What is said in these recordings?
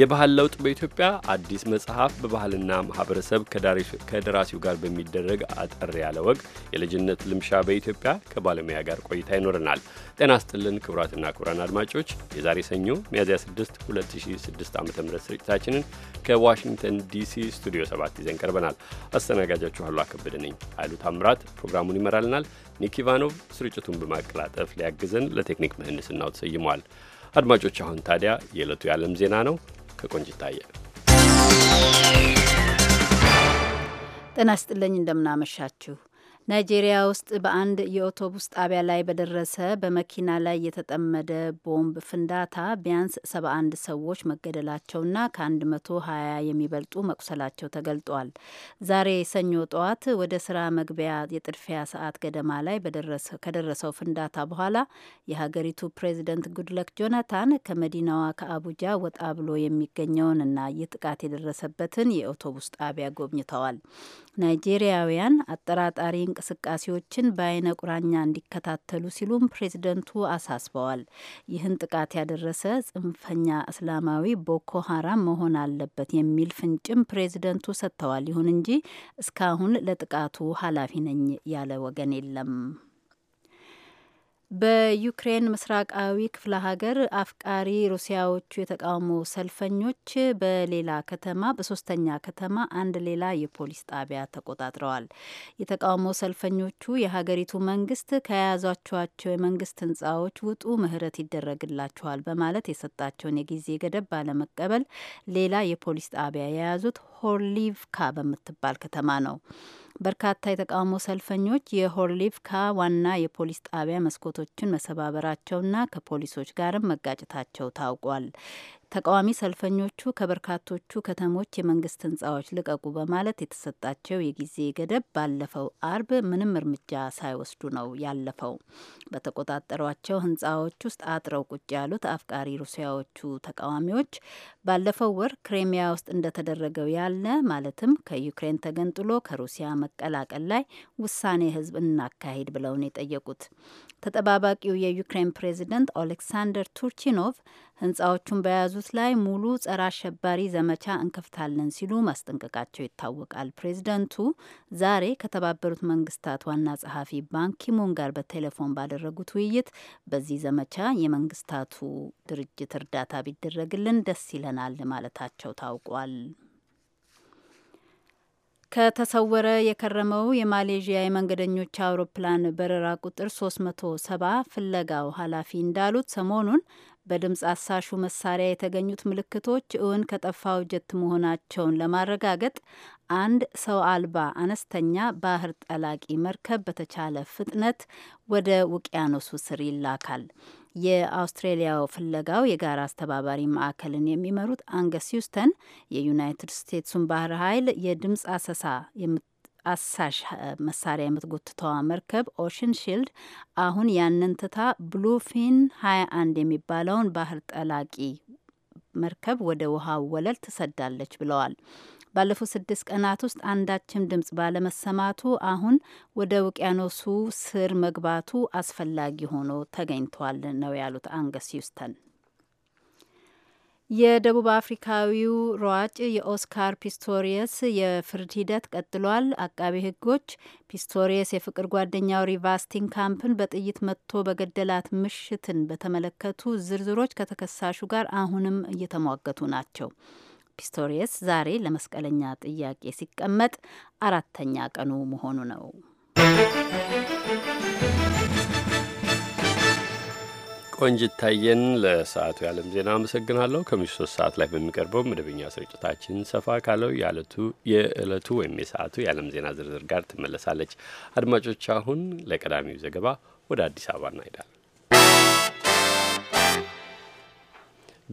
የባህል ለውጥ በኢትዮጵያ አዲስ መጽሐፍ በባህልና ማህበረሰብ ከደራሲው ጋር በሚደረግ አጠር ያለ ወግ የልጅነት ልምሻ በኢትዮጵያ ከባለሙያ ጋር ቆይታ ይኖረናል። ጤና ስጥልን ክቡራትና ክቡራን አድማጮች የዛሬ ሰኞ ሚያዝያ 6 2006 ዓ ም ስርጭታችንን ከዋሽንግተን ዲሲ ስቱዲዮ 7 ይዘን ቀርበናል። አስተናጋጃችሁ አሉ አከበደ ነኝ። ኃይሉ ታምራት ፕሮግራሙን ይመራልናል። ኒክ ኢቫኖቭ ስርጭቱን በማቀላጠፍ ሊያግዘን ለቴክኒክ ምህንድስናው ተሰይሟል። አድማጮች አሁን ታዲያ የዕለቱ የዓለም ዜና ነው። ከቆንጅ ይታያል። ጤና ይስጥልኝ እንደምናመሻችሁ ናይጄሪያ ውስጥ በአንድ የኦቶቡስ ጣቢያ ላይ በደረሰ በመኪና ላይ የተጠመደ ቦምብ ፍንዳታ ቢያንስ 71 ሰዎች መገደላቸውና ከ120 የሚበልጡ መቁሰላቸው ተገልጧል። ዛሬ ሰኞ ጠዋት ወደ ስራ መግቢያ የጥድፊያ ሰዓት ገደማ ላይ ከደረሰው ፍንዳታ በኋላ የሀገሪቱ ፕሬዚደንት ጉድለክ ጆናታን ከመዲናዋ ከአቡጃ ወጣ ብሎ የሚገኘውንና ይህ ጥቃት የደረሰበትን የኦቶቡስ ጣቢያ ጎብኝተዋል። ናይጄሪያውያን አጠራጣሪ እንቅስቃሴዎችን በአይነ ቁራኛ እንዲከታተሉ ሲሉም ፕሬዝደንቱ አሳስበዋል። ይህን ጥቃት ያደረሰ ጽንፈኛ እስላማዊ ቦኮ ሀራም መሆን አለበት የሚል ፍንጭም ፕሬዝደንቱ ሰጥተዋል። ይሁን እንጂ እስካሁን ለጥቃቱ ኃላፊ ነኝ ያለ ወገን የለም። በዩክሬን ምስራቃዊ ክፍለ ሀገር አፍቃሪ ሩሲያዎቹ የተቃውሞ ሰልፈኞች በሌላ ከተማ በሶስተኛ ከተማ አንድ ሌላ የፖሊስ ጣቢያ ተቆጣጥረዋል። የተቃውሞ ሰልፈኞቹ የሀገሪቱ መንግስት ከያዟቸዋቸው የመንግስት ህንጻዎች ውጡ፣ ምህረት ይደረግላቸዋል በማለት የሰጣቸውን የጊዜ ገደብ ባለመቀበል ሌላ የፖሊስ ጣቢያ የያዙት ሆርሊቭካ በምትባል ከተማ ነው። በርካታ የተቃውሞ ሰልፈኞች የሆርሊቭካ ዋና የፖሊስ ጣቢያ መስኮቶችን መሰባበራቸውና ከፖሊሶች ጋርም መጋጨታቸው ታውቋል። ተቃዋሚ ሰልፈኞቹ ከበርካቶቹ ከተሞች የመንግስት ህንፃዎች ልቀቁ በማለት የተሰጣቸው የጊዜ ገደብ ባለፈው አርብ ምንም እርምጃ ሳይወስዱ ነው ያለፈው። በተቆጣጠሯቸው ህንፃዎች ውስጥ አጥረው ቁጭ ያሉት አፍቃሪ ሩሲያዎቹ ተቃዋሚዎች ባለፈው ወር ክሬሚያ ውስጥ እንደተደረገው ያለ ማለትም ከዩክሬን ተገንጥሎ ከሩሲያ መቀላቀል ላይ ውሳኔ ህዝብ እናካሂድ ብለውን የጠየቁት ተጠባባቂው የዩክሬን ፕሬዚደንት ኦሌክሳንደር ቱርቺኖቭ ህንፃዎቹን በያዙት ላይ ሙሉ ጸረ አሸባሪ ዘመቻ እንከፍታለን ሲሉ ማስጠንቀቃቸው ይታወቃል። ፕሬዚደንቱ ዛሬ ከተባበሩት መንግስታት ዋና ጸሐፊ ባንኪሙን ጋር በቴሌፎን ባደረጉት ውይይት በዚህ ዘመቻ የመንግስታቱ ድርጅት እርዳታ ቢደረግልን ደስ ይለናል ማለታቸው ታውቋል። ከተሰወረ የከረመው የማሌዥያ የመንገደኞች አውሮፕላን በረራ ቁጥር 370 ፍለጋው ኃላፊ እንዳሉት ሰሞኑን በድምፅ አሳሹ መሳሪያ የተገኙት ምልክቶች እውን ከጠፋው ጀት መሆናቸውን ለማረጋገጥ አንድ ሰው አልባ አነስተኛ ባህር ጠላቂ መርከብ በተቻለ ፍጥነት ወደ ውቅያኖሱ ስር ይላካል። የአውስትሬሊያው ፍለጋው የጋራ አስተባባሪ ማዕከልን የሚመሩት አንገስ ሂውስተን የዩናይትድ ስቴትሱን ባህር ኃይል የድምፅ አሰሳ የምት አሳሽ መሳሪያ የምትጎትተዋ መርከብ ኦሽን ሺልድ አሁን ያንን ትታ ብሉፊን 21 የሚባለውን ባህር ጠላቂ መርከብ ወደ ውሃው ወለል ትሰዳለች ብለዋል። ባለፉት ስድስት ቀናት ውስጥ አንዳችም ድምጽ ባለመሰማቱ አሁን ወደ ውቅያኖሱ ስር መግባቱ አስፈላጊ ሆኖ ተገኝቷል ነው ያሉት አንገስ ሂውስተን። የደቡብ አፍሪካዊው ሯጭ የኦስካር ፒስቶሪየስ የፍርድ ሂደት ቀጥሏል። አቃቤ ሕጎች ፒስቶሪየስ የፍቅር ጓደኛው ሪቫ ስቲንካምፕን በጥይት መጥቶ በገደላት ምሽትን በተመለከቱ ዝርዝሮች ከተከሳሹ ጋር አሁንም እየተሟገቱ ናቸው። ፒስቶሪየስ ዛሬ ለመስቀለኛ ጥያቄ ሲቀመጥ አራተኛ ቀኑ መሆኑ ነው። ቆንጅ ታየን ለሰዓቱ የዓለም ዜና አመሰግናለሁ። ከምሽቱ ሶስት ሰዓት ላይ በሚቀርበው መደበኛ ስርጭታችን ሰፋ ካለው የዕለቱ የዕለቱ ወይም የሰዓቱ የዓለም ዜና ዝርዝር ጋር ትመለሳለች። አድማጮች፣ አሁን ለቀዳሚው ዘገባ ወደ አዲስ አበባ እናሄዳለን።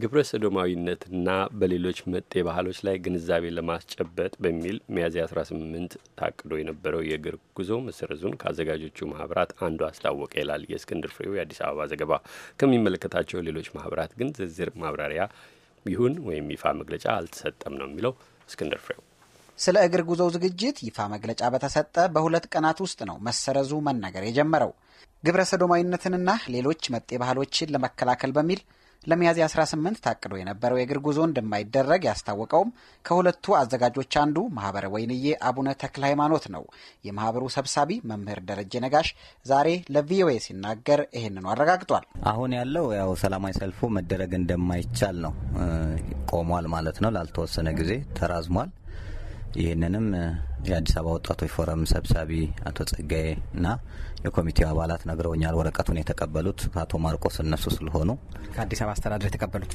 ግብረ ሰዶማዊነትና በሌሎች መጤ ባህሎች ላይ ግንዛቤ ለማስጨበጥ በሚል ሚያዝያ 18 ታቅዶ የነበረው የእግር ጉዞ መሰረዙን ከአዘጋጆቹ ማህበራት አንዱ አስታወቀ ይላል የእስክንድር ፍሬው የአዲስ አበባ ዘገባ። ከሚመለከታቸው ሌሎች ማህበራት ግን ዝርዝር ማብራሪያ ይሁን ወይም ይፋ መግለጫ አልተሰጠም ነው የሚለው እስክንድር ፍሬው። ስለ እግር ጉዞው ዝግጅት ይፋ መግለጫ በተሰጠ በሁለት ቀናት ውስጥ ነው መሰረዙ መነገር የጀመረው። ግብረ ሰዶማዊነትንና ሌሎች መጤ ባህሎችን ለመከላከል በሚል ለሚያዝያ 18 ታቅዶ የነበረው የእግር ጉዞ እንደማይደረግ ያስታወቀውም ከሁለቱ አዘጋጆች አንዱ ማህበረ ወይንዬ አቡነ ተክለ ሃይማኖት ነው። የማህበሩ ሰብሳቢ መምህር ደረጀ ነጋሽ ዛሬ ለቪኦኤ ሲናገር ይህንኑ አረጋግጧል። አሁን ያለው ያው ሰላማዊ ሰልፉ መደረግ እንደማይቻል ነው። ቆሟል ማለት ነው። ላልተወሰነ ጊዜ ተራዝሟል። ይህንንም የአዲስ አበባ ወጣቶች ፎረም ሰብሳቢ አቶ ጸጋዬ እና የኮሚቴው አባላት ነግረውኛል። ወረቀቱን የተቀበሉት አቶ ማርቆስ እነሱ ስለሆኑ ከአዲስ አበባ አስተዳደር የተቀበሉት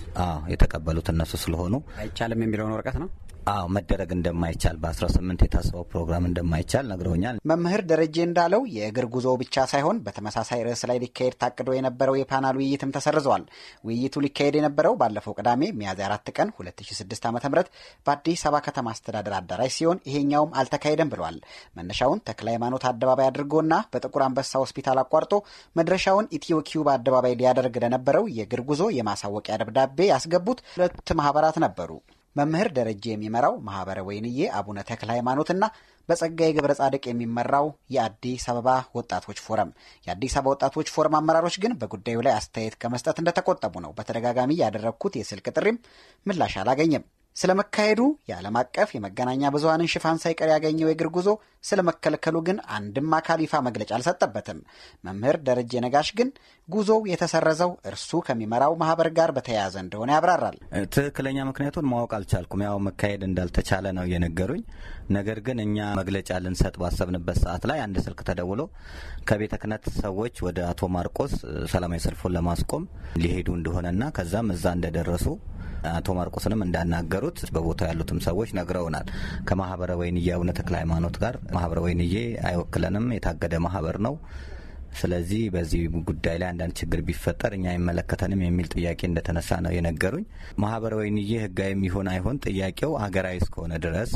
የተቀበሉት እነሱ ስለሆኑ አይቻልም የሚለውን ወረቀት ነው። አዎ መደረግ እንደማይቻል በ18 የታሰበው ፕሮግራም እንደማይቻል ነግረውኛል። መምህር ደረጀ እንዳለው የእግር ጉዞ ብቻ ሳይሆን በተመሳሳይ ርዕስ ላይ ሊካሄድ ታቅዶ የነበረው የፓናል ውይይትም ተሰርዘዋል። ውይይቱ ሊካሄድ የነበረው ባለፈው ቅዳሜ ሚያዝያ 4 ቀን 2006 ዓ ም በአዲስ አበባ ከተማ አስተዳደር አዳራሽ ሲሆን ይሄኛውም አልተ አልተካሄደም ብሏል። መነሻውን ተክለ ሃይማኖት አደባባይ አድርጎና በጥቁር አንበሳ ሆስፒታል አቋርጦ መድረሻውን ኢትዮ ኪዩብ አደባባይ ሊያደርግ ለነበረው የእግር ጉዞ የማሳወቂያ ደብዳቤ ያስገቡት ሁለት ማህበራት ነበሩ። መምህር ደረጀ የሚመራው ማህበረ ወይንዬ አቡነ ተክለ ሃይማኖትና በጸጋዬ ገብረ ጻድቅ የሚመራው የአዲስ አበባ ወጣቶች ፎረም። የአዲስ አበባ ወጣቶች ፎረም አመራሮች ግን በጉዳዩ ላይ አስተያየት ከመስጠት እንደተቆጠቡ ነው በተደጋጋሚ ያደረግኩት የስልክ ጥሪም ምላሽ አላገኘም። ስለ መካሄዱ የዓለም አቀፍ የመገናኛ ብዙሀንን ሽፋን ሳይቀር ያገኘው የእግር ጉዞ ስለ መከልከሉ ግን አንድም አካል ይፋ መግለጫ አልሰጠበትም። መምህር ደረጀ ነጋሽ ግን ጉዞው የተሰረዘው እርሱ ከሚመራው ማህበር ጋር በተያያዘ እንደሆነ ያብራራል። ትክክለኛ ምክንያቱን ማወቅ አልቻልኩም። ያው መካሄድ እንዳልተቻለ ነው የነገሩኝ። ነገር ግን እኛ መግለጫ ልንሰጥ ባሰብንበት ሰዓት ላይ አንድ ስልክ ተደውሎ ከቤተ ክህነት ሰዎች ወደ አቶ ማርቆስ ሰላማዊ ሰልፉን ለማስቆም ሊሄዱ እንደሆነና ከዛም እዛ እንደደረሱ አቶ ማርቆስንም እንዳናገሩት በቦታው ያሉትም ሰዎች ነግረውናል። ከማህበረ ወይንዬ አቡነ ተክለ ሃይማኖት ጋር ማህበረ ወይንዬ አይወክለንም፣ የታገደ ማህበር ነው። ስለዚህ በዚህ ጉዳይ ላይ አንዳንድ ችግር ቢፈጠር እኛ አይመለከተንም የሚል ጥያቄ እንደተነሳ ነው የነገሩኝ። ማህበረ ወይንዬ ህጋዊ ይሆን አይሆን ጥያቄው አገራዊ እስከሆነ ድረስ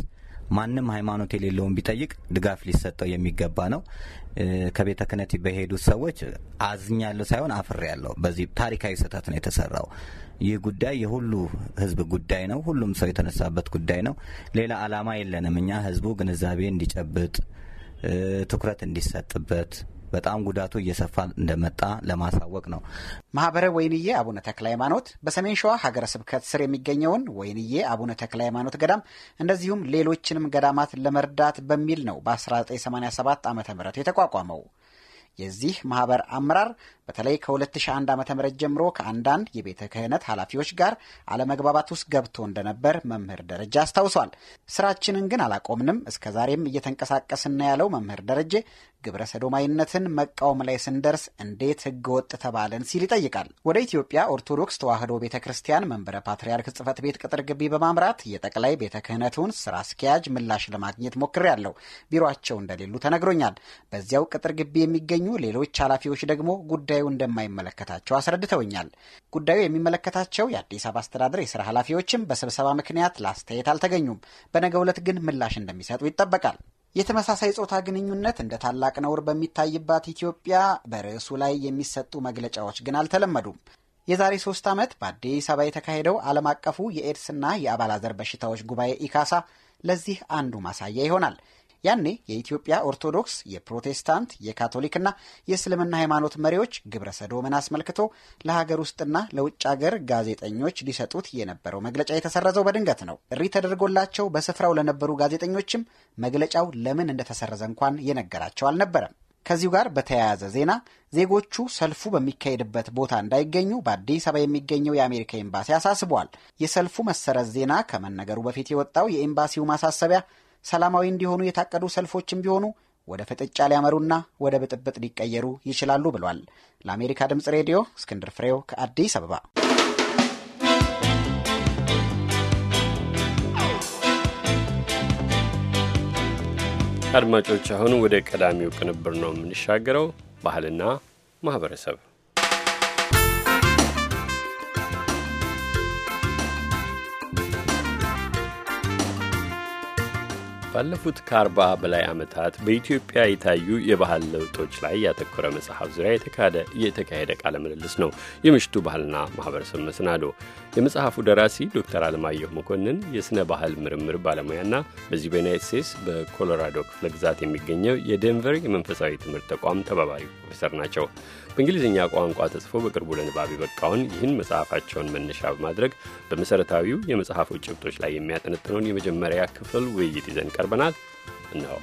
ማንም ሃይማኖት የሌለውን ቢጠይቅ ድጋፍ ሊሰጠው የሚገባ ነው። ከቤተ ክህነት በሄዱት ሰዎች አዝኛለሁ ሳይሆን ያለው በዚህ ታሪካዊ ስህተት ነው የተሰራው። ይህ ጉዳይ የሁሉ ህዝብ ጉዳይ ነው። ሁሉም ሰው የተነሳበት ጉዳይ ነው። ሌላ አላማ የለንም። እኛ ህዝቡ ግንዛቤ እንዲጨብጥ ትኩረት እንዲሰጥበት በጣም ጉዳቱ እየሰፋ እንደመጣ ለማሳወቅ ነው። ማህበረ ወይንዬ አቡነ ተክለ ሃይማኖት በሰሜን ሸዋ ሀገረ ስብከት ስር የሚገኘውን ወይንዬ አቡነ ተክለ ሃይማኖት ገዳም እንደዚሁም ሌሎችንም ገዳማት ለመርዳት በሚል ነው በ1987 ዓ ም የተቋቋመው። የዚህ ማህበር አመራር በተለይ ከ2001 ዓ ም ጀምሮ ከአንዳንድ የቤተ ክህነት ኃላፊዎች ጋር አለመግባባት ውስጥ ገብቶ እንደነበር መምህር ደረጀ አስታውሷል። ስራችንን ግን አላቆምንም፣ እስከ ዛሬም እየተንቀሳቀስን ያለው መምህር ደረጀ ግብረ ሰዶማይነትን መቃወም ላይ ስንደርስ እንዴት ህገ ወጥ ተባለን ሲል ይጠይቃል። ወደ ኢትዮጵያ ኦርቶዶክስ ተዋህዶ ቤተ ክርስቲያን መንበረ ፓትርያርክ ጽፈት ቤት ቅጥር ግቢ በማምራት የጠቅላይ ቤተ ክህነቱን ስራ አስኪያጅ ምላሽ ለማግኘት ሞክሬያለሁ። ቢሮቸው እንደሌሉ ተነግሮኛል። በዚያው ቅጥር ግቢ የሚገኙ ሌሎች ኃላፊዎች ደግሞ ጉዳዩ እንደማይመለከታቸው አስረድተውኛል። ጉዳዩ የሚመለከታቸው የአዲስ አበባ አስተዳደር የስራ ኃላፊዎችም በስብሰባ ምክንያት ለአስተያየት አልተገኙም። በነገ ዕለት ግን ምላሽ እንደሚሰጡ ይጠበቃል። የተመሳሳይ ጾታ ግንኙነት እንደ ታላቅ ነውር በሚታይባት ኢትዮጵያ በርዕሱ ላይ የሚሰጡ መግለጫዎች ግን አልተለመዱም። የዛሬ ሶስት ዓመት በአዲስ አበባ የተካሄደው ዓለም አቀፉ የኤድስና የአባላዘር በሽታዎች ጉባኤ ኢካሳ ለዚህ አንዱ ማሳያ ይሆናል። ያኔ የኢትዮጵያ ኦርቶዶክስ፣ የፕሮቴስታንት፣ የካቶሊክና የእስልምና ሃይማኖት መሪዎች ግብረ ሰዶምን አስመልክቶ ለሀገር ውስጥና ለውጭ ሀገር ጋዜጠኞች ሊሰጡት የነበረው መግለጫ የተሰረዘው በድንገት ነው። እሪ ተደርጎላቸው በስፍራው ለነበሩ ጋዜጠኞችም መግለጫው ለምን እንደተሰረዘ እንኳን የነገራቸው አልነበረም። ከዚሁ ጋር በተያያዘ ዜና ዜጎቹ ሰልፉ በሚካሄድበት ቦታ እንዳይገኙ በአዲስ አበባ የሚገኘው የአሜሪካ ኤምባሲ አሳስቧል። የሰልፉ መሰረዝ ዜና ከመነገሩ በፊት የወጣው የኤምባሲው ማሳሰቢያ ሰላማዊ እንዲሆኑ የታቀዱ ሰልፎችም ቢሆኑ ወደ ፍጥጫ ሊያመሩና ወደ ብጥብጥ ሊቀየሩ ይችላሉ ብሏል። ለአሜሪካ ድምፅ ሬዲዮ እስክንድር ፍሬው ከአዲስ አበባ። አድማጮች፣ አሁን ወደ ቀዳሚው ቅንብር ነው የምንሻገረው ባህልና ማህበረሰብ ባለፉት ከአርባ በላይ ዓመታት በኢትዮጵያ የታዩ የባህል ለውጦች ላይ ያተኮረ መጽሐፍ ዙሪያ የተካሄደ ቃለ ምልልስ ነው የምሽቱ ባህልና ማህበረሰብ መሰናዶ። የመጽሐፉ ደራሲ ዶክተር አለማየሁ መኮንን የሥነ ባህል ምርምር ባለሙያና በዚህ በዩናይት ስቴትስ በኮሎራዶ ክፍለ ግዛት የሚገኘው የደንቨር የመንፈሳዊ ትምህርት ተቋም ተባባሪ ፕሮፌሰር ናቸው። በእንግሊዝኛ ቋንቋ ተጽፎ በቅርቡ ለንባብ የበቃውን ይህን መጽሐፋቸውን መነሻ በማድረግ በመሠረታዊው የመጽሐፉ ጭብጦች ላይ የሚያጠነጥነውን የመጀመሪያ ክፍል ውይይት ይዘን ቀርበናል ነው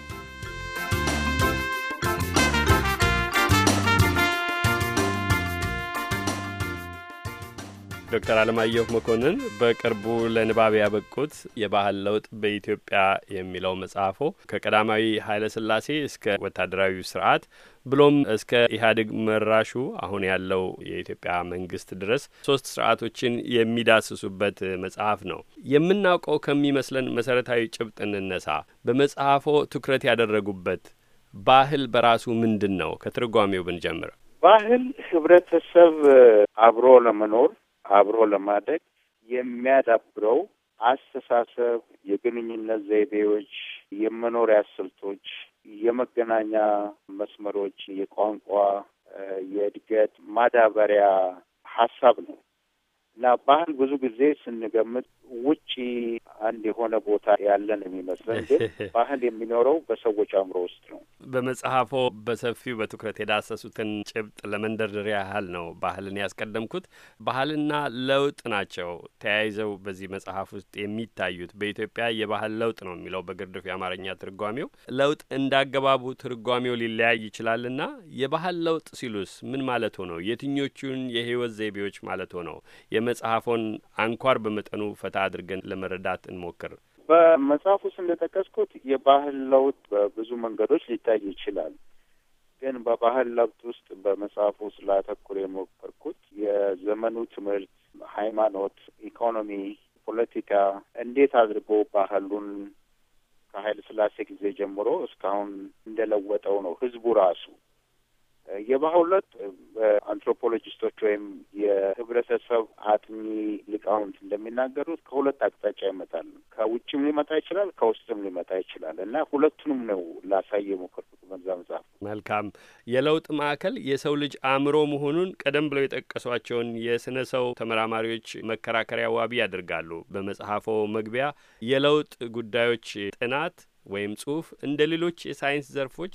ዶክተር አለማየሁ መኮንን በቅርቡ ለንባብ ያበቁት የባህል ለውጥ በኢትዮጵያ የሚለው መጽሐፎ ከቀዳማዊ ኃይለ ሥላሴ እስከ ወታደራዊ ስርዓት ብሎም እስከ ኢህአዴግ መራሹ አሁን ያለው የኢትዮጵያ መንግስት ድረስ ሶስት ስርዓቶችን የሚዳስሱበት መጽሐፍ ነው። የምናውቀው ከሚመስለን መሰረታዊ ጭብጥ እንነሳ። በመጽሐፎ ትኩረት ያደረጉበት ባህል በራሱ ምንድን ነው? ከትርጓሜው ብንጀምር ባህል ህብረተሰብ አብሮ ለመኖር አብሮ ለማደግ የሚያዳብረው አስተሳሰብ፣ የግንኙነት ዘይቤዎች፣ የመኖሪያ ስልቶች፣ የመገናኛ መስመሮች፣ የቋንቋ የእድገት ማዳበሪያ ሀሳብ ነው እና ባህል ብዙ ጊዜ ስንገምት ውጪ አንድ የሆነ ቦታ ያለን የሚመስለን ግን ባህል የሚኖረው በሰዎች አእምሮ ውስጥ ነው። በመጽሐፎ በሰፊው በትኩረት የዳሰሱትን ጭብጥ ለመንደርደሪያ ያህል ነው ባህልን ያስቀደምኩት። ባህልና ለውጥ ናቸው ተያይዘው በዚህ መጽሐፍ ውስጥ የሚታዩት። በኢትዮጵያ የባህል ለውጥ ነው የሚለው በግርድፍ የአማርኛ ትርጓሜው። ለውጥ እንዳገባቡ ትርጓሜው ሊለያይ ይችላልና የባህል ለውጥ ሲሉስ ምን ማለት ነው? የትኞቹን የህይወት ዘይቤዎች ማለት ነው? የመጽሐፎን አንኳር በመጠኑ ገበታ አድርገን ለመረዳት እንሞክር። በመጽሐፍ ውስጥ እንደጠቀስኩት የባህል ለውጥ በብዙ መንገዶች ሊታይ ይችላል። ግን በባህል ለውጥ ውስጥ በመጽሐፉ ውስጥ ላተኩር የሞከርኩት የዘመኑ ትምህርት፣ ሃይማኖት፣ ኢኮኖሚ፣ ፖለቲካ እንዴት አድርጎ ባህሉን ከኃይለ ሥላሴ ጊዜ ጀምሮ እስካሁን እንደለወጠው ነው ህዝቡ ራሱ የባሁለት አንትሮፖሎጂስቶች ወይም የህብረተሰብ አጥኚ ሊቃውንት እንደሚናገሩት ከሁለት አቅጣጫ ይመጣል። ከውጭም ሊመጣ ይችላል፣ ከውስጥም ሊመጣ ይችላል እና ሁለቱንም ነው ላሳይ የሞከርኩት በዛ መጽሐፍ። መልካም የለውጥ ማዕከል የሰው ልጅ አእምሮ መሆኑን ቀደም ብለው የጠቀሷቸውን የስነ ሰው ተመራማሪዎች መከራከሪያ ዋቢ ያደርጋሉ። በመጽሐፎ መግቢያ የለውጥ ጉዳዮች ጥናት ወይም ጽሁፍ እንደ ሌሎች የሳይንስ ዘርፎች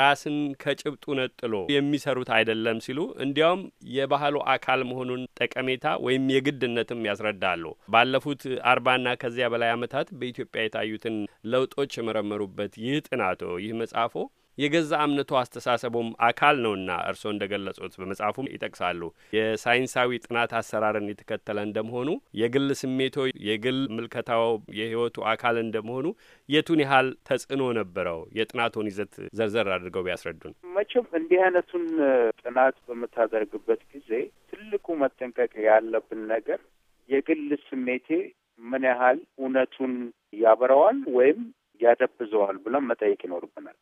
ራስን ከጭብጡ ነጥሎ የሚሰሩት አይደለም ሲሉ እንዲያውም የባህሉ አካል መሆኑን ጠቀሜታ ወይም የግድነትም ያስረዳሉ። ባለፉት አርባና ከዚያ በላይ ዓመታት በኢትዮጵያ የታዩትን ለውጦች የመረመሩበት ይህ ጥናቶ ይህ መጽሐፎ የገዛ እምነቱ አስተሳሰቡም አካል ነውና እርስዎ እንደ ገለጹት በመጽሐፉም ይጠቅሳሉ የሳይንሳዊ ጥናት አሰራርን የተከተለ እንደመሆኑ የግል ስሜቶ የግል ምልከታው የህይወቱ አካል እንደመሆኑ የቱን ያህል ተጽዕኖ ነበረው? የጥናቱን ይዘት ዘርዘር አድርገው ቢያስረዱን። መቼም እንዲህ አይነቱን ጥናት በምታደርግበት ጊዜ ትልቁ መጠንቀቅ ያለብን ነገር የግል ስሜቴ ምን ያህል እውነቱን ያበረዋል ወይም ያደብዘዋል ብለን መጠየቅ ይኖርብናል።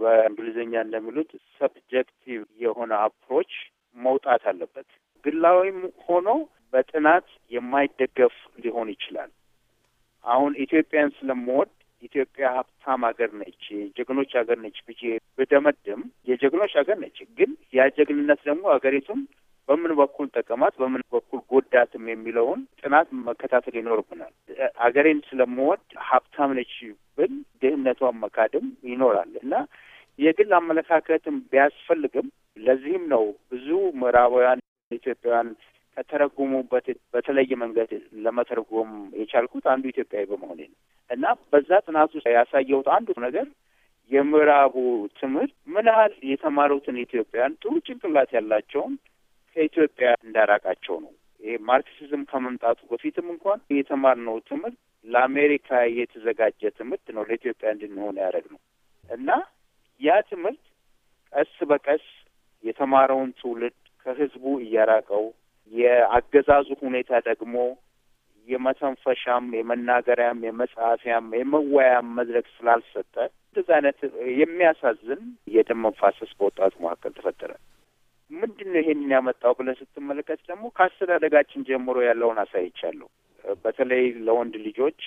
በእንግሊዝኛ እንደሚሉት ሰብጀክቲቭ የሆነ አፕሮች መውጣት አለበት። ግላዊም ሆኖ በጥናት የማይደገፍ ሊሆን ይችላል። አሁን ኢትዮጵያን ስለምወድ ኢትዮጵያ ሀብታም ሀገር ነች፣ ጀግኖች ሀገር ነች ብዬ ብደመድም የጀግኖች ሀገር ነች። ግን ያ ጀግንነት ደግሞ ሀገሪቱም በምን በኩል ጠቀማት፣ በምን በኩል ጎዳትም የሚለውን ጥናት መከታተል ይኖርብናል። አገሬን ስለምወድ ሀብታም ነች ብል ድህነቷን መካድም ይኖራል እና የግል አመለካከትም ቢያስፈልግም ለዚህም ነው ብዙ ምዕራባውያን ኢትዮጵያውያን ከተረጎሙበት በተለየ መንገድ ለመተርጎም የቻልኩት አንዱ ኢትዮጵያዊ በመሆኔ ነው እና በዛ ጥናት ውስጥ ያሳየሁት አንዱ ነገር የምዕራቡ ትምህርት ምን ያህል የተማሩትን ኢትዮጵያውያን ጥሩ ጭንቅላት ያላቸውን ከኢትዮጵያ እንዳራቃቸው ነው። ይሄ ማርክሲዝም ከመምጣቱ በፊትም እንኳን የተማርነው ትምህርት ለአሜሪካ የተዘጋጀ ትምህርት ነው፣ ለኢትዮጵያ እንድንሆን ያደረግ ነው እና ያ ትምህርት ቀስ በቀስ የተማረውን ትውልድ ከህዝቡ እያራቀው የአገዛዙ ሁኔታ ደግሞ የመተንፈሻም የመናገሪያም የመጽሐፊያም የመወያያም መድረክ ስላልሰጠ እንደዚህ አይነት የሚያሳዝን የደም መፋሰስ በወጣቱ መካከል ተፈጠረ። ምንድን ነው ይሄንን ያመጣው ብለን ስትመለከት ደግሞ ከአስተዳደጋችን ጀምሮ ያለውን አሳይቻለሁ። በተለይ ለወንድ ልጆች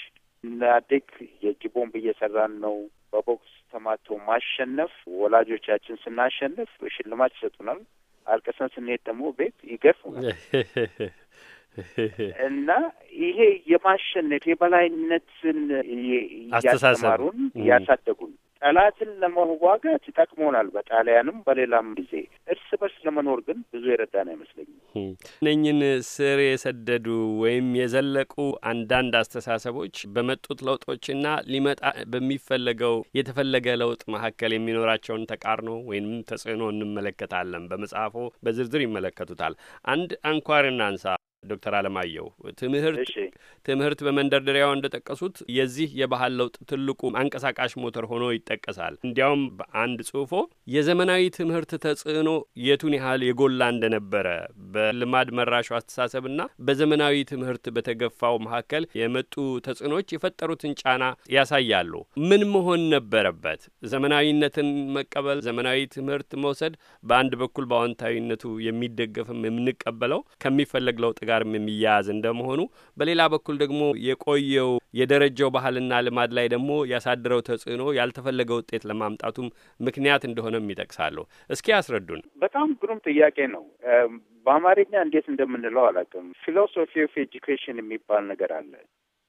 እናድግ የእጅ ቦምብ እየሰራን ነው። በቦክስ ተማቶ ማሸነፍ ወላጆቻችን ስናሸንፍ ሽልማት ይሰጡናል። አልቀሰን ስንሄድ ደግሞ ቤት ይገርፉናል። እና ይሄ የማሸነፍ የበላይነትን እያስተማሩን እያሳደጉን ጠላትን ለመዋጋት ይጠቅመናል። በጣሊያንም በሌላም ጊዜ እርስ በርስ ለመኖር ግን ብዙ የረዳን አይመስለኝም። እነኝን ስር የሰደዱ ወይም የዘለቁ አንዳንድ አስተሳሰቦች በመጡት ለውጦችና ሊመጣ በሚፈለገው የተፈለገ ለውጥ መካከል የሚኖራቸውን ተቃርኖ ወይም ተጽዕኖ እንመለከታለን። በመጽሐፎ በዝርዝር ይመለከቱታል። አንድ አንኳር እናንሳ። ዶክተር አለማየሁ ትምህርት ትምህርት በመንደርደሪያው እንደጠቀሱት የዚህ የባህል ለውጥ ትልቁ አንቀሳቃሽ ሞተር ሆኖ ይጠቀሳል። እንዲያውም በአንድ ጽሁፎ የዘመናዊ ትምህርት ተጽዕኖ የቱን ያህል የጎላ እንደነበረ በልማድ መራሹ አስተሳሰብና በዘመናዊ ትምህርት በተገፋው መካከል የመጡ ተጽዕኖች የፈጠሩትን ጫና ያሳያሉ። ምን መሆን ነበረበት? ዘመናዊነትን መቀበል፣ ዘመናዊ ትምህርት መውሰድ በአንድ በኩል በአዎንታዊነቱ የሚደገፍም የምንቀበለው ከሚፈለግ ለውጥ ጋርም የሚያያዝ እንደመሆኑ በሌላ በኩል ደግሞ የቆየው የደረጃው ባህልና ልማድ ላይ ደግሞ ያሳድረው ተጽዕኖ ያልተፈለገ ውጤት ለማምጣቱም ምክንያት እንደሆነም ይጠቅሳሉ። እስኪ ያስረዱን። በጣም ግሩም ጥያቄ ነው። በአማርኛ እንዴት እንደምንለው አላውቅም። ፊሎሶፊ ኦፍ ኤጁኬሽን የሚባል ነገር አለ።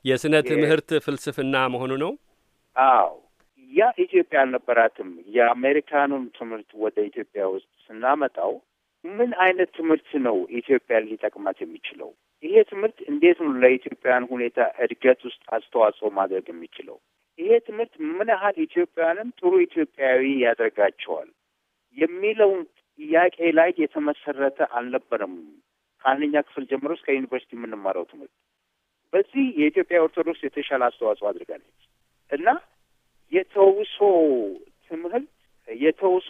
የስነ ትምህርት ፍልስፍና መሆኑ ነው። አዎ ያ ኢትዮጵያ አልነበራትም። የአሜሪካኑን ትምህርት ወደ ኢትዮጵያ ውስጥ ስናመጣው ምን አይነት ትምህርት ነው ኢትዮጵያ ሊጠቅማት የሚችለው? ይሄ ትምህርት እንዴት ነው ለኢትዮጵያውያን ሁኔታ እድገት ውስጥ አስተዋጽኦ ማድረግ የሚችለው? ይሄ ትምህርት ምን ያህል ኢትዮጵያውያንን ጥሩ ኢትዮጵያዊ ያደርጋቸዋል የሚለውን ጥያቄ ላይ የተመሰረተ አልነበረም። ከአንደኛ ክፍል ጀምሮ እስከ ዩኒቨርሲቲ የምንማረው ትምህርት በዚህ የኢትዮጵያ ኦርቶዶክስ የተሻለ አስተዋጽኦ አድርጋለች እና የተውሶ ትምህርት የተውሶ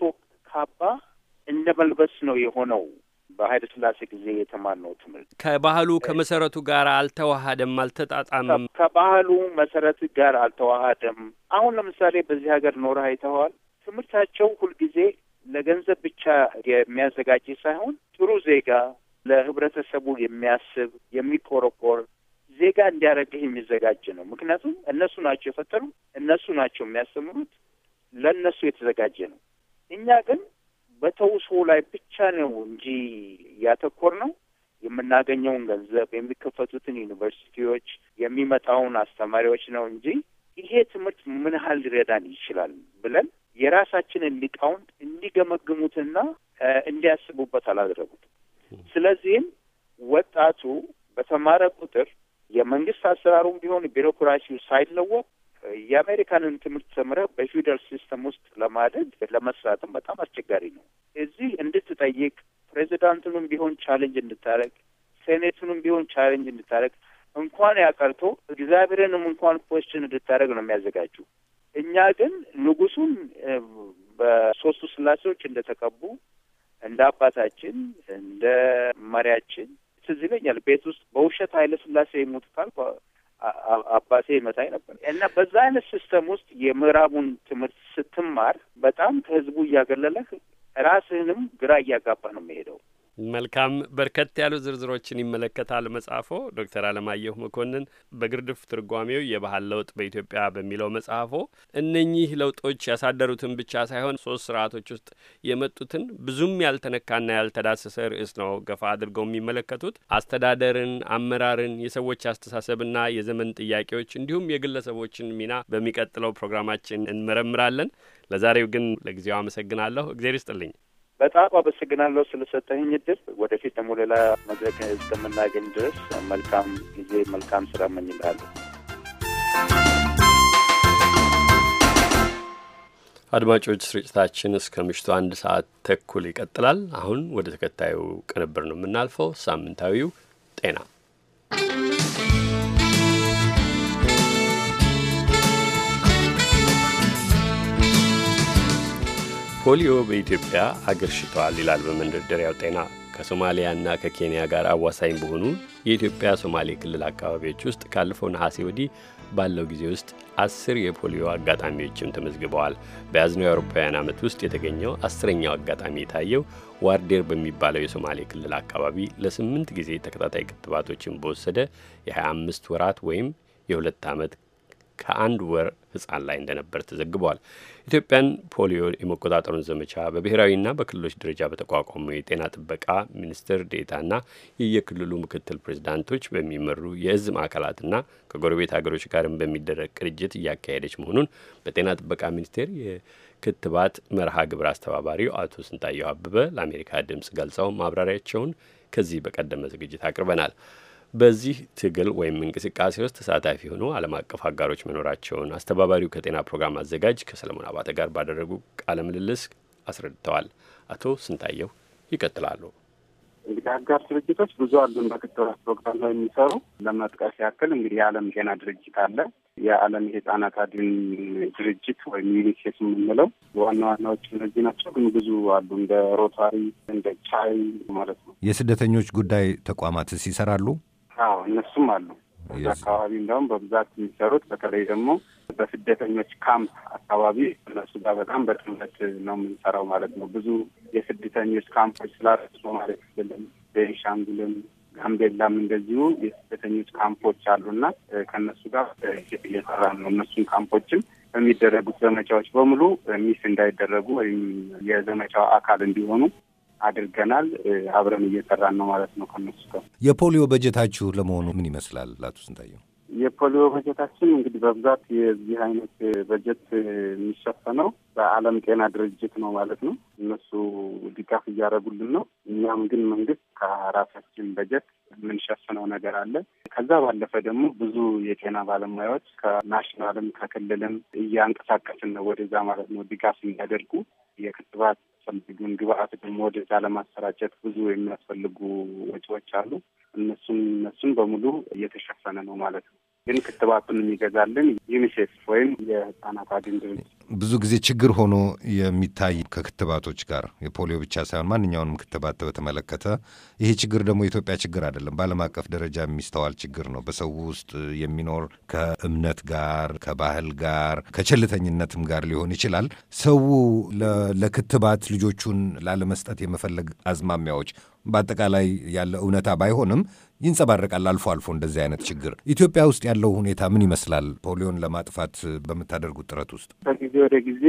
ካባ እንደ መልበስ ነው የሆነው። በኃይለ ሥላሴ ጊዜ የተማርነው ትምህርት ከባህሉ ከመሰረቱ ጋር አልተዋሃደም፣ አልተጣጣምም። ከባህሉ መሰረት ጋር አልተዋሃደም። አሁን ለምሳሌ በዚህ ሀገር ኖረህ አይተኸዋል። ትምህርታቸው ሁልጊዜ ለገንዘብ ብቻ የሚያዘጋጅ ሳይሆን ጥሩ ዜጋ፣ ለህብረተሰቡ የሚያስብ የሚቆረቆር ዜጋ እንዲያደርግህ የሚዘጋጅ ነው። ምክንያቱም እነሱ ናቸው የፈጠሩ፣ እነሱ ናቸው የሚያስተምሩት፣ ለእነሱ የተዘጋጀ ነው። እኛ ግን በተውሶ ላይ ብቻ ነው እንጂ እያተኮር ነው የምናገኘውን ገንዘብ የሚከፈቱትን ዩኒቨርሲቲዎች የሚመጣውን አስተማሪዎች ነው እንጂ ይሄ ትምህርት ምን ያህል ሊረዳን ይችላል ብለን የራሳችንን ሊቃውንት እንዲገመግሙትና እንዲያስቡበት አላደረጉትም። ስለዚህም ወጣቱ በተማረ ቁጥር የመንግስት አሰራሩም ቢሆን ቢሮክራሲው ሳይለወቅ የአሜሪካንን ትምህርት ተምረ በፊውደል ሲስተም ውስጥ ለማደግ ለመስራትም በጣም አስቸጋሪ ነው። እዚህ እንድትጠይቅ ፕሬዚዳንቱንም ቢሆን ቻሌንጅ እንድታረግ፣ ሴኔቱንም ቢሆን ቻሌንጅ እንድታረግ እንኳን ያቀርቶ እግዚአብሔርንም እንኳን ኮስችን እንድታደረግ ነው የሚያዘጋጁ። እኛ ግን ንጉሱን በሶስቱ ስላሴዎች እንደ ተቀቡ እንደ አባታችን እንደ መሪያችን ትዝ ይለኛል ቤት ውስጥ በውሸት ኃይለ ስላሴ ይሞቱታል። አባቴ ይመታኝ ነበር እና በዛ አይነት ሲስተም ውስጥ የምዕራቡን ትምህርት ስትማር በጣም ከህዝቡ እያገለለህ ራስህንም ግራ እያጋባ ነው የሚሄደው። መልካም በርከት ያሉ ዝርዝሮችን ይመለከታል መጽሐፎ። ዶክተር አለማየሁ መኮንን በግርድፍ ትርጓሜው የባህል ለውጥ በኢትዮጵያ በሚለው መጽሐፎ እነኚህ ለውጦች ያሳደሩትን ብቻ ሳይሆን ሶስት ስርዓቶች ውስጥ የመጡትን ብዙም ያልተነካና ያልተዳሰሰ ርዕስ ነው ገፋ አድርገው የሚመለከቱት። አስተዳደርን፣ አመራርን፣ የሰዎች አስተሳሰብና የዘመን ጥያቄዎች እንዲሁም የግለሰቦችን ሚና በሚቀጥለው ፕሮግራማችን እንመረምራለን። ለዛሬው ግን ለጊዜው አመሰግናለሁ። እግዜር ይስጥልኝ። በጣም አመሰግናለሁ ስለሰጠኝ እድል። ወደፊት ደግሞ ሌላ መድረክ እስከምናገኝ ድረስ መልካም ጊዜ፣ መልካም ስራ እመኝልሃለሁ። አድማጮች ስርጭታችን እስከ ምሽቱ አንድ ሰዓት ተኩል ይቀጥላል። አሁን ወደ ተከታዩ ቅንብር ነው የምናልፈው። ሳምንታዊው ጤና ፖሊዮ በኢትዮጵያ አገርሽቷል ይላል በመንደርደሪያው ጤና። ከሶማሊያና ከኬንያ ጋር አዋሳኝ በሆኑ የኢትዮጵያ ሶማሌ ክልል አካባቢዎች ውስጥ ካለፈው ነሐሴ ወዲህ ባለው ጊዜ ውስጥ አስር የፖሊዮ አጋጣሚዎችም ተመዝግበዋል። በያዝነው የአውሮፓውያን ዓመት ውስጥ የተገኘው አስረኛው አጋጣሚ የታየው ዋርዴር በሚባለው የሶማሌ ክልል አካባቢ ለስምንት ጊዜ ተከታታይ ክትባቶችን በወሰደ የ25 ወራት ወይም የሁለት ዓመት ከአንድ ወር ህጻን ላይ እንደነበር ተዘግቧል። ኢትዮጵያን ፖሊዮ የመቆጣጠሩን ዘመቻ በብሔራዊና በክልሎች ደረጃ በተቋቋመው የጤና ጥበቃ ሚኒስትር ዴታና የየክልሉ ምክትል ፕሬዚዳንቶች በሚመሩ የእዝ ማዕከላትና ከጎረቤት ሀገሮች ጋርም በሚደረግ ቅርጅት እያካሄደች መሆኑን በጤና ጥበቃ ሚኒስቴር የክትባት መርሃ ግብር አስተባባሪው አቶ ስንታየው አበበ ለአሜሪካ ድምጽ ገልጸው ማብራሪያቸውን ከዚህ በቀደመ ዝግጅት አቅርበናል። በዚህ ትግል ወይም እንቅስቃሴ ውስጥ ተሳታፊ የሆኑ ዓለም አቀፍ አጋሮች መኖራቸውን አስተባባሪው ከጤና ፕሮግራም አዘጋጅ ከሰለሞን አባተ ጋር ባደረጉ ቃለ ምልልስ አስረድተዋል። አቶ ስንታየው ይቀጥላሉ። እንግዲህ አጋር ድርጅቶች ብዙ አሉን በክትባት ፕሮግራም ላይ የሚሰሩ ለመጥቀስ ያክል እንግዲህ የዓለም ጤና ድርጅት አለ። የዓለም የህጻናት አድን ድርጅት ወይም ዩኒሴፍ የምንለው ዋና ዋናዎች እነዚህ ናቸው። ግን ብዙ አሉ፣ እንደ ሮታሪ እንደ ቻይ ማለት ነው። የስደተኞች ጉዳይ ተቋማትስ ይሰራሉ? አዎ እነሱም አሉ። እዛ አካባቢ እንዲሁም በብዛት የሚሰሩት በተለይ ደግሞ በስደተኞች ካምፕ አካባቢ እነሱ ጋር በጣም በጥምረት ነው የምንሰራው ማለት ነው። ብዙ የስደተኞች ካምፖች ስላረሱ ማለት ስልም በቤንሻንጉልም ጋምቤላም እንደዚሁ የስደተኞች ካምፖች አሉና ከእነሱ ጋር እየሰራ ነው። እነሱን ካምፖችም በሚደረጉት ዘመቻዎች በሙሉ ሚስ እንዳይደረጉ ወይም የዘመቻው አካል እንዲሆኑ አድርገናል። አብረን እየሰራን ነው ማለት ነው ከነሱ ጋር። የፖሊዮ በጀታችሁ ለመሆኑ ምን ይመስላል? ላቱ ስንታየው የፖሊዮ በጀታችን እንግዲህ በብዛት የዚህ አይነት በጀት የሚሸፈነው በዓለም ጤና ድርጅት ነው ማለት ነው። እነሱ ድጋፍ እያደረጉልን ነው። እኛም ግን መንግስት ከራሳችን በጀት የምንሸፍነው ነገር አለ። ከዛ ባለፈ ደግሞ ብዙ የጤና ባለሙያዎች ከናሽናልም ከክልልም እያንቀሳቀስን ነው ወደዛ ማለት ነው ድጋፍ እንዲያደርጉ የክትባት አያስፈልግም። ግብአት ደግሞ ወደዛ ለማሰራጨት ብዙ የሚያስፈልጉ ወጪዎች አሉ። እነሱም እነሱም በሙሉ እየተሸፈነ ነው ማለት ነው። ግን ክትባቱን የሚገዛልን ዩኒሴፍ ወይም የህጻናት አድን ድርጅት። ብዙ ጊዜ ችግር ሆኖ የሚታይ ከክትባቶች ጋር የፖሊዮ ብቻ ሳይሆን ማንኛውንም ክትባት በተመለከተ ይሄ ችግር ደግሞ የኢትዮጵያ ችግር አይደለም። በዓለም አቀፍ ደረጃ የሚስተዋል ችግር ነው። በሰው ውስጥ የሚኖር ከእምነት ጋር፣ ከባህል ጋር፣ ከቸልተኝነትም ጋር ሊሆን ይችላል። ሰው ለክትባት ልጆቹን ላለመስጠት የመፈለግ አዝማሚያዎች በአጠቃላይ ያለ እውነታ ባይሆንም ይንጸባረቃል አልፎ አልፎ እንደዚህ አይነት ችግር። ኢትዮጵያ ውስጥ ያለው ሁኔታ ምን ይመስላል? ፖሊዮን ለማጥፋት በምታደርጉት ጥረት ውስጥ ከጊዜ ወደ ጊዜ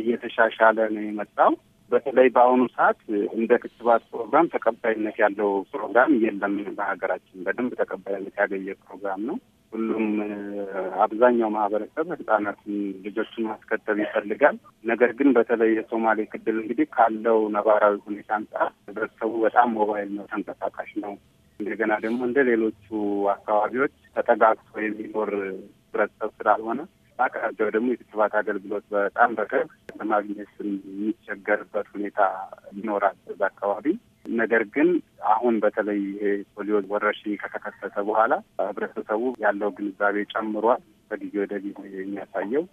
እየተሻሻለ ነው የመጣው። በተለይ በአሁኑ ሰዓት እንደ ክትባት ፕሮግራም ተቀባይነት ያለው ፕሮግራም የለም። በሀገራችን በደንብ ተቀባይነት ያገኘ ፕሮግራም ነው። ሁሉም አብዛኛው ማህበረሰብ ህጻናትን፣ ልጆችን ማስከተብ ይፈልጋል። ነገር ግን በተለይ የሶማሌ ክልል እንግዲህ ካለው ነባራዊ ሁኔታ አንጻር ህብረተሰቡ በጣም ሞባይል ነው፣ ተንቀሳቃሽ ነው። እንደገና ደግሞ እንደ ሌሎቹ አካባቢዎች ተጠጋግቶ የሚኖር ህብረተሰብ ስላልሆነ አቅራቢያው ደግሞ የክትባት አገልግሎት በጣም በቅርብ ለማግኘት የሚቸገርበት ሁኔታ ይኖራል በዛ አካባቢ። ነገር ግን አሁን በተለይ ፖሊዮ ወረርሽኝ ከተከሰተ በኋላ ህብረተሰቡ ያለው ግንዛቤ ጨምሯል። በጊዜ ወደ ጊዜ የሚያሳየው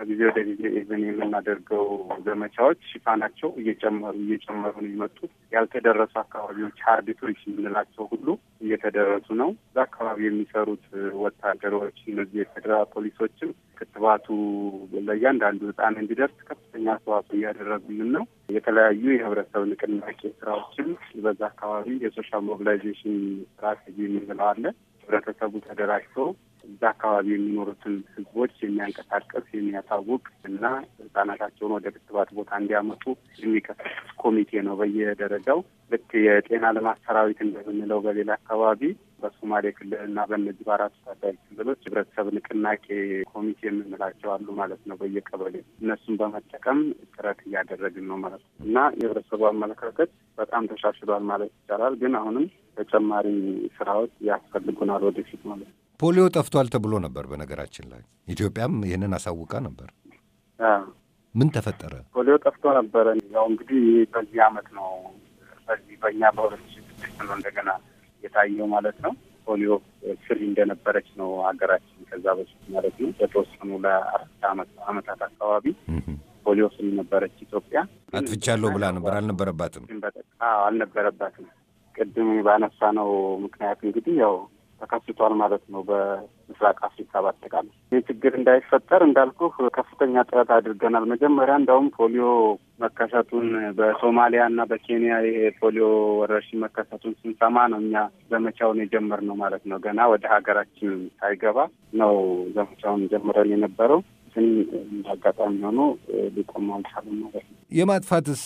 ከጊዜ ወደ ጊዜ ኢቨን የምናደርገው ዘመቻዎች ሽፋናቸው እየጨመሩ እየጨመሩ ነው የመጡት። ያልተደረሱ አካባቢዎች ሀርድ የምንላቸው ሁሉ እየተደረሱ ነው። እዛ አካባቢ የሚሰሩት ወታደሮች፣ እነዚህ የፌዴራል ፖሊሶችም ክትባቱ ለእያንዳንዱ ሕፃን እንዲደርስ ከፍተኛ አስተዋጽኦ እያደረጉልን ነው። የተለያዩ የህብረተሰብ ንቅናቄ ስራዎችም በዛ አካባቢ የሶሻል ሞቢላይዜሽን ስትራቴጂ የምንለው ህብረተሰቡ ተደራጅቶ እዛ አካባቢ የሚኖሩትን ህዝቦች የሚያንቀሳቀስ የሚያሳውቅ እና ህጻናታቸውን ወደ ክትባት ቦታ እንዲያመጡ የሚቀሳቀስ ኮሚቴ ነው በየደረጃው ልክ የጤና ልማት ሰራዊት እንደምንለው በሌላ አካባቢ በሶማሌ ክልል እና በእነዚህ በአራቱ ታዳጊ ክልሎች ህብረተሰብ ንቅናቄ ኮሚቴ የምንላቸው አሉ ማለት ነው። በየቀበሌ እነሱን በመጠቀም ጥረት እያደረግን ነው ማለት ነው እና የህብረተሰቡ አመለካከት በጣም ተሻሽሏል ማለት ይቻላል። ግን አሁንም ተጨማሪ ስራዎች ያስፈልጉናል ወደፊት ማለት ነው። ፖሊዮ ጠፍቷል ተብሎ ነበር። በነገራችን ላይ ኢትዮጵያም ይህንን አሳውቃ ነበር። ምን ተፈጠረ? ፖሊዮ ጠፍቶ ነበረ። ያው እንግዲህ በዚህ አመት ነው በዚህ በእኛ በሁለት ሺህ ስድስት ነው እንደገና የታየው ማለት ነው። ፖሊዮ ፍሪ እንደነበረች ነው ሀገራችን ከዛ በፊት ማለት ነው። በተወሰኑ ለአራት አመታት አካባቢ ፖሊዮ ፍሪ ነበረች ኢትዮጵያ። አጥፍቻለሁ ብላ ነበር። አልነበረባትም፣ አልነበረባትም። ቅድም ባነሳ ነው ምክንያት እንግዲህ ያው ተከስቷል ማለት ነው። በምስራቅ አፍሪካ በአጠቃላይ ይህ ችግር እንዳይፈጠር እንዳልኩ ከፍተኛ ጥረት አድርገናል። መጀመሪያ እንዳውም ፖሊዮ መከሰቱን በሶማሊያ እና በኬንያ ይሄ ፖሊዮ ወረርሽኝ መከሰቱን ስንሰማ ነው እኛ ዘመቻውን የጀመርነው ማለት ነው። ገና ወደ ሀገራችን ሳይገባ ነው ዘመቻውን ጀምረን የነበረው። ግን እንዳጋጣሚ ሆኖ ሊቆሙ አልቻለም ማለት ነው። የማጥፋትስ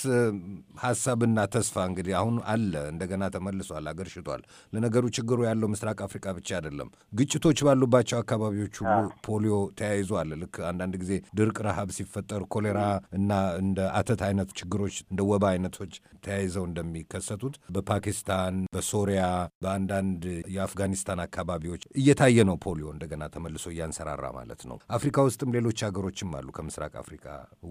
ሀሳብና ተስፋ እንግዲህ አሁን አለ፣ እንደገና ተመልሷል፣ አገር ሽቷል። ለነገሩ ችግሩ ያለው ምስራቅ አፍሪካ ብቻ አይደለም። ግጭቶች ባሉባቸው አካባቢዎች ሁሉ ፖሊዮ ተያይዞ አለ። ልክ አንዳንድ ጊዜ ድርቅ፣ ረሃብ ሲፈጠር ኮሌራ እና እንደ አተት አይነት ችግሮች እንደ ወባ አይነቶች ተያይዘው እንደሚከሰቱት በፓኪስታን፣ በሶሪያ፣ በአንዳንድ የአፍጋኒስታን አካባቢዎች እየታየ ነው። ፖሊዮ እንደገና ተመልሶ እያንሰራራ ማለት ነው። አፍሪካ ውስጥም ሌሎች ሀገሮችም አሉ ከምስራቅ አፍሪካ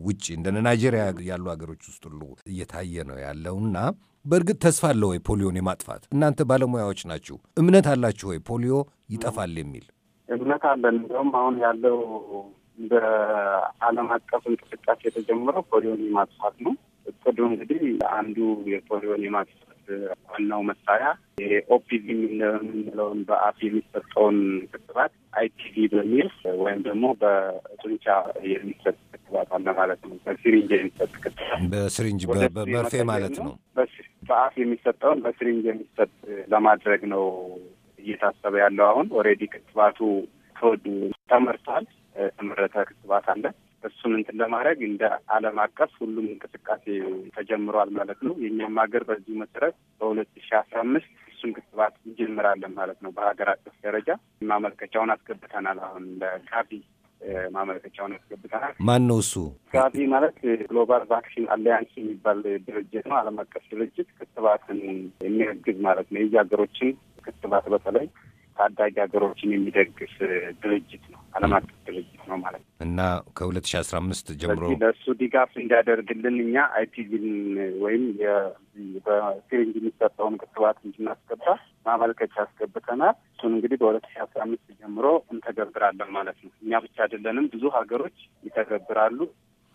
ውጭ እንደ ናይጄሪያ ያሉ ሀገሮች ውስጥ ሁሉ እየታየ ነው ያለውና በእርግጥ ተስፋ አለ ወይ ፖሊዮን የማጥፋት? እናንተ ባለሙያዎች ናችሁ፣ እምነት አላችሁ ወይ ፖሊዮ ይጠፋል የሚል እምነት አለን። እንዲሁም አሁን ያለው በአለም አቀፍ እንቅስቃሴ የተጀመረው ፖሊዮን የማጥፋት ነው። እቅዱ እንግዲህ አንዱ የፖሊዮን የማጥፋት ዋናው መሳሪያ የኦፒቪ የምንለውን በአፍ የሚሰጠውን ክትባት አይፒቪ በሚል ወይም ደግሞ በጡንቻ የሚሰጥ ክትባት አለ ማለት ነው። በስሪንጅ የሚሰጥ ክትባት በሲሪንጅ በመርፌ ማለት ነው። በአፍ የሚሰጠውን በስሪንጅ የሚሰጥ ለማድረግ ነው እየታሰበ ያለው አሁን ኦልሬዲ ክትባቱ ተወዱ ተመርቷል። ተመረተ ክትባት አለ እሱን እንትን ለማድረግ እንደ ዓለም አቀፍ ሁሉም እንቅስቃሴ ተጀምሯል ማለት ነው። የእኛም ሀገር በዚሁ መሰረት በሁለት ሺ አስራ አምስት እሱን ክትባት እንጀምራለን ማለት ነው። በሀገር አቀፍ ደረጃ ማመልከቻውን አስገብተናል። አሁን ለጋቢ ማመልከቻውን ያስገብተናል። ማን ነው እሱ? ጋቪ ማለት ግሎባል ቫክሲን አሊያንስ የሚባል ድርጅት ነው። ዓለም አቀፍ ድርጅት ክትባትን የሚያግዝ ማለት ነው። የዚህ ሀገሮችን ክትባት በተለይ ታዳጊ ሀገሮችን የሚደግፍ ድርጅት ነው። ዓለም አቀፍ ድርጅት ነው ማለት ነው። እና ከ2015 ጀምሮ ለሱ ድጋፍ እንዲያደርግልን እኛ አይፒቪን ወይም በሲሪንጅ የሚሰጠውን ክትባት እንድናስገባ ማመልከቻ አስገብተናል። እሱን እንግዲህ በሁለት ሺ አስራ አምስት ጀምሮ እንተገብራለን ማለት ነው። እኛ ብቻ አይደለንም፣ ብዙ ሀገሮች ይተገብራሉ።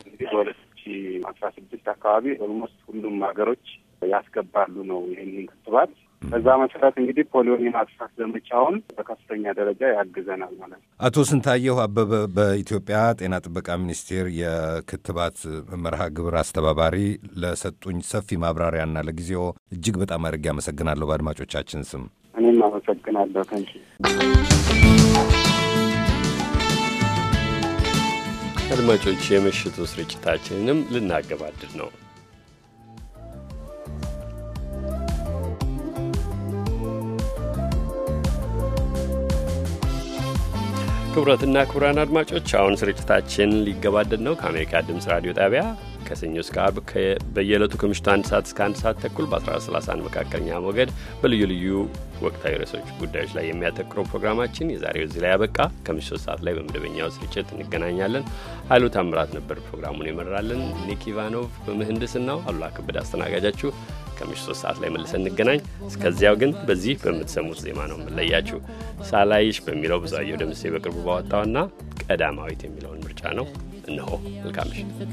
እንግዲህ በሁለት ሺ አስራ ስድስት አካባቢ ኦልሞስት ሁሉም ሀገሮች ያስገባሉ ነው ይህንን ክትባት በዛ መሰረት እንግዲህ ፖሊዮን የማጥፋት ዘመቻውን በከፍተኛ ደረጃ ያግዘናል ማለት ነው። አቶ ስንታየሁ አበበ በኢትዮጵያ ጤና ጥበቃ ሚኒስቴር የክትባት መርሃ ግብር አስተባባሪ ለሰጡኝ ሰፊ ማብራሪያና ለጊዜው እጅግ በጣም አድርጌ አመሰግናለሁ። በአድማጮቻችን ስም እኔም አመሰግናለሁ። ከንቺ አድማጮች የምሽቱ ስርጭታችንንም ልናገባድድ ነው። ክቡራትና ክቡራን አድማጮች አሁን ስርጭታችን ሊገባደድ ነው። ከአሜሪካ ድምፅ ራዲዮ ጣቢያ ከሰኞ እስከ አርብ በየዕለቱ ከምሽቱ አንድ ሰዓት እስከ አንድ ሰዓት ተኩል በ1431 መካከለኛ ሞገድ በልዩ ልዩ ወቅታዊ ርዕሶች ጉዳዮች ላይ የሚያተኩረው ፕሮግራማችን የዛሬው እዚህ ላይ ያበቃ። ከምሽቱ ሶስት ሰዓት ላይ በመደበኛው ስርጭት እንገናኛለን። ኃይሉ ታምራት ነበር ፕሮግራሙን የመራልን። ኒክ ኢቫኖቭ በምህንድስናው፣ አሉላ ከበደ አስተናጋጃችሁ። ከምሽቱ ሶስት ሰዓት ላይ መልሰን እንገናኝ። እስከዚያው ግን በዚህ በምትሰሙት ዜማ ነው የምንለያችሁ። ሳላይሽ በሚለው ብዙአየሁ ደምሴ በቅርቡ ባወጣውና ቀዳማዊት የሚለውን ምርጫ ነው። እንሆ መልካም ምሽት።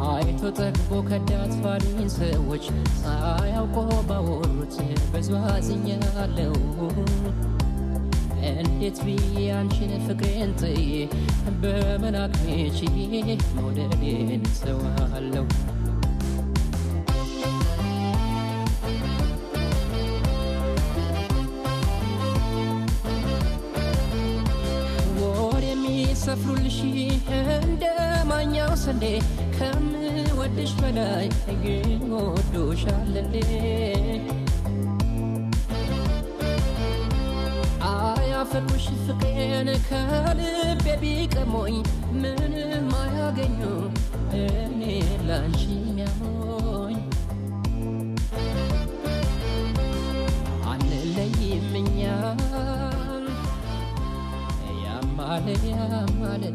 አይቶ ጠግቦ ከዳት ፋሪን ሰዎች ሳያውቆ ባወሩት ብዙ አዝኛለሁ። እንዴት ብዬ አንቺን ፍቅሬን ጥዬ በመናቅሜ ችዬ መውደዴን ሰዋለሁ። አስንዴ ከምወድሽ በላይ ግን ወዶሻል እንዴ አያፈርኩሽ ፍቅሬን ከልቤ ቢቀሞኝ ምንም አያገኙ እኔ ላንቺ ሚያሞኝ አንለይም ያማለ ያማለ